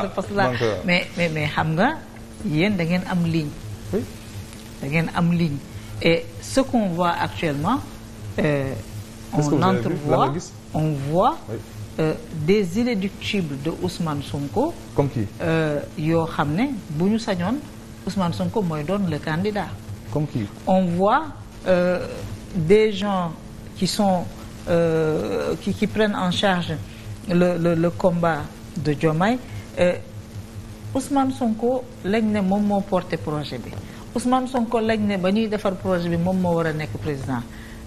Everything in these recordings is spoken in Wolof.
Ah, le poste là mais mais mais xam nga yéen da ngeen am ligne. da ngeen am ligne e eh, ce qu'on voit actuellement. Euh, on entrevoit on voit. Euh, des inéluctibles de Ousmane Sonko. comme qui. Eh, yoo xam ne bu ñu sañoon Ousmane Sonko mooy doon le candidat. comme qui. on voit euh, des gens qui sont eh, qui qui prennent en charge le le le combat de Diomaye. Euh, Ousmane Sonko lañ ne moom moo porté projet bi Ousmane Sonko lañ ne ba ñuy defar projet bi moom moo war a nekk président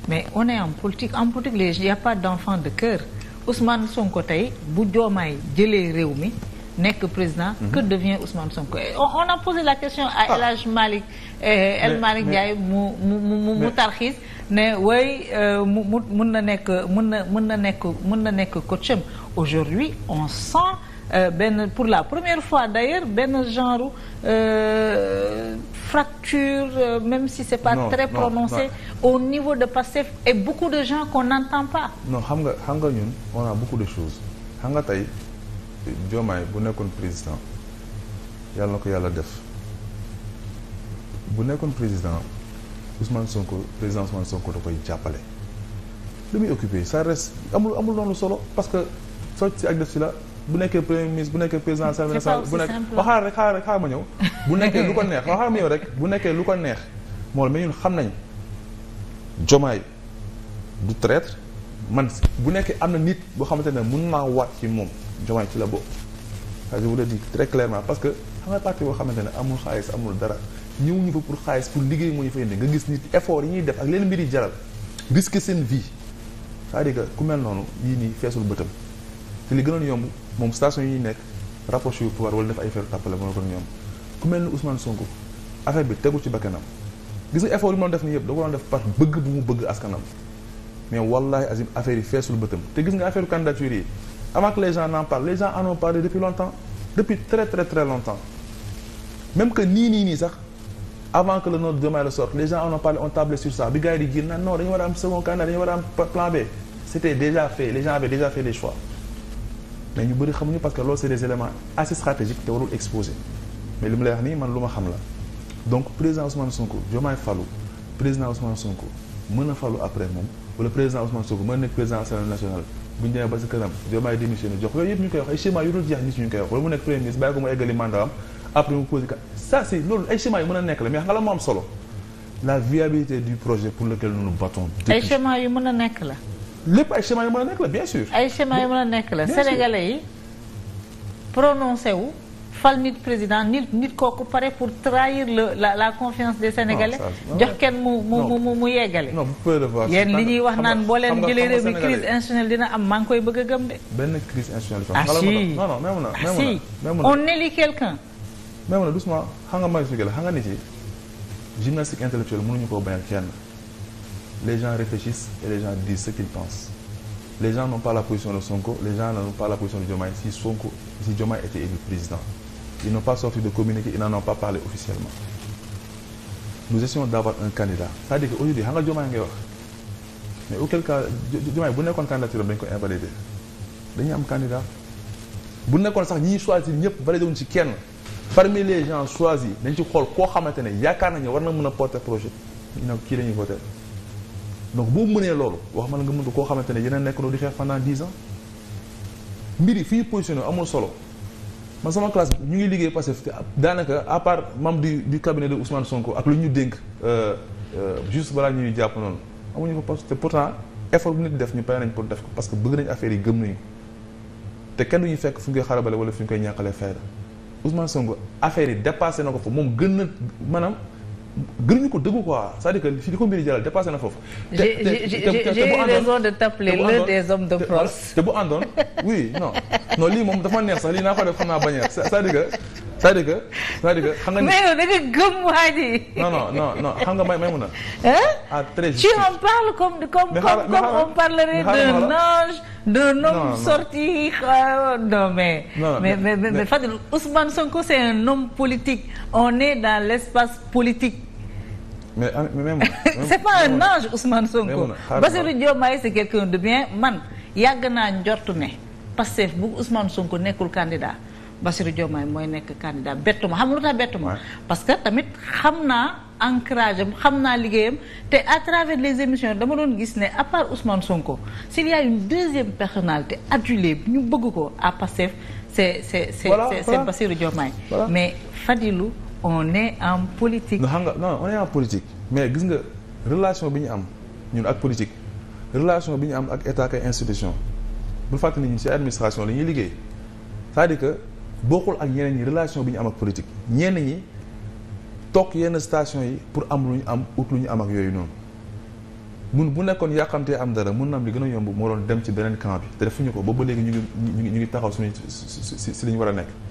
mais on est en politique en politique les y a pas d'enfant de cœur Ousmane Sonko tey bu joomaay jëlee réew mi nekk président. Mhm. que devient Ousmane Sonko on a posé la question à ah. El Hadj Malick euh, El Malick Ndiaye mu mu mu mu tarxiis euh, mu mu mun na nekk mun na mun na nekk mun na nekk coacham aujourd'hui on sent. Euh, benn pour la première fois d'ailleurs benn genre euh, fracture euh, même si c'est pas très prononcé au niveau de Pastef et beaucoup de gens qu'on n'entend pas non xam nga xam nga ñun on a beaucoup de choses xam nga tey Diomaye bu nekkoon président yàlla na ko yàlla def bu nekkoon président Ousmane Sonko président Ousmane Sonko da koy jàppale li muy occupé ça reste amul amul noonu solo parce que socc ak def si la bu nekkee premier ministre bu nekkee président Assemblée nationale bu nekk waxaar rek xaar rek xaar ma ñëw bu nekkee lu ko neex waxaar ma ñëw rek bu nekkee lu ko neex moo mais ñun xam nañ jomaay du traître man bu nekkee am na nit boo xamante ne mën naa waat ci moom jomaay ci la bokk je vous le di très clairement parce que xam nga parti boo xamante ne amul xaalis amul dara ñëw ñu fa pour xaalis pour liggéey moo ñu fa indi nga gis nit effort yi ñuy def ak leen mbir yi jaral risque seen vie cest que ku mel noonu yii nii feesul bëtam te li gënoon yomb moom station yi nekk rapproché yu pouvoir wala def ay feeru tàppale moo gën yomb ku mel ni Ousmane Sonko affaire bi tegu ci bakkanam gis nga effort yi mu doon def nii yëpp da ko def par bëgg bu mu bëgg askanam mais wallahi azim affaire yi feesul bëtam te gis nga affaire candidature yi avant que les gens n'en parlent depuis longtemps depuis très très très longtemps même que nii nii nii sax avant que le nom de mais ñu bëri xamuñu parce que loolu c'est des éléments assez te warul exposé mais li mu lay wax nii man lu ma xam la donc président Ousmane Sonko Diomaye falu président Ousmane Sonko mën a falu après moom wala président Ousmane Sonko mën a nekk président assemblée nationale bu ñu demee ba sa kanam Diomaye démissionné jox yooyu yëpp ñu koy wax ay schéma yu dul jeex nit ñu koy wax wala mu nekk premier ministre ko mu eggali mandat am après mu posé ka a nekk la mais xam nga la projet pour lequel nous nous a nekk la. lépp ay schéma yu mën a nekk la bien sûr. ay schéma yu mën a nekk la sénégalais yi prononcé wu. fal nit président nit nit kooku pare pour trahir le la la confiance des sénégalais jox kenn mu mu mu mu yeggale yéen li ñuy wax naan boo leen jëlee réew dina am man koy bëgg a gëm de benn crise institutionnelle ah, non non même ah, na si on élit quelqu'un même na doucement xam nga may sugee la xam nga nit yi gymnastique intellectuelle mënuñu koo bañal kenn les gens réfléchissent et les gens disent ce qu'ils pensent. Les gens n'ont pas la position de Sonko, les gens n'ont la position de Diomaye. Si Sonko, si Diomaye était élu président, ils n'ont pas sorti de communiqué, ils n'en ont pas parlé officiellement. Nous essayons d'avoir un candidat. C'est-à-dire qu'aujourd'hui, xam nga Diomaye ngay wax mais auquel cas Diomaye bu nekkoon candidature am dañu ko invalider dañuy am candidat bu nekkoon sax ñiy choisir ñëpp validé wuñ ci kenn parmi les gens choisis dañ ci xool koo xamante ne yaakaar nañu war na mën a porter projet ñu kii la ñuy voter donc boo mënee loolu wax ma la nga mën koo xamante ne yeneen nekk di xeex pendant dix ans mbir yi fii positionné amul solo man sama classe ñu ngi liggéey Pastef te daanaka à part membre du du cabinet de Ousmane Sonko ak lu ñu dénk euh, euh, juste balaa ñuy jàpp noonu amuñu fa te pourtant effort bu nit def ñu pare nañ pour def ko que bëgg nañ affaire yi gëm nañu te kenn ñu fekk fu ñu koy xarabale wala fu ñu koy ñàkkalee fayda Ousmane Sonko affaire yi dépassé na ko fa moom gën na maanaam. gënuñu ko dëggu quoi c'est-à-dire que li ko mbir yi jaral dépassé na foofu. te te j'ai eu de t'appeler l'un des hommes de France. te bu àndoon oui non non lii moom dafa sax lii naa ko def xam a c'est-à-dire c'est-à-dire que cest à mais yow da nga gëm waa ji. non non non xam nga may may mun ah, en parles comme comme comme comme on parlerait d'un ange d'un homme sorti euh, non mais. mais mais mais Fadil Ousmane Sonko c'est un homme politique on est dans l'espace politique. mais ah, mais c'est pas un ange Ousmane Sonko. Bassirou Diomaye c'est quelqu'un de bien man yàgg naa njortu ne Pastef bu Ousmane Sonko nekkul candidat. Bassirou Diomaye mooy nekk candidat bettu ma xam nga lu tax bettu ma parce que tamit xam naa ancrage am xam naa liggéeyam te à travers des émissions dama doon gis ne à part Sonko si y a une deuxième personnalité adulée ñu bëgg ko à Pastef c'est c'est c'est c'est Bassirou Diomaye mais Fadilou on est en politique. non nga non on mais gis nga relation bi ñu am ñun ak politique relation bi ñu am ak état ak institution bul fàttali ñun ci administration la ñuy liggéey bokkul ak ñeneen ñi relation bi ñu am ak politique ñenn ñi toog yenn station yi pour am lu ñu am ut lu ñu am ak yooyu noonu mun bu nekkoon yàqamtee am dara mun na am li gën a yomb moo doon dem ci beneen camp bi te defuñu ko ba ba léegi ñu ngi ñu ngi taxaw suñu si si li ñu war a nekk.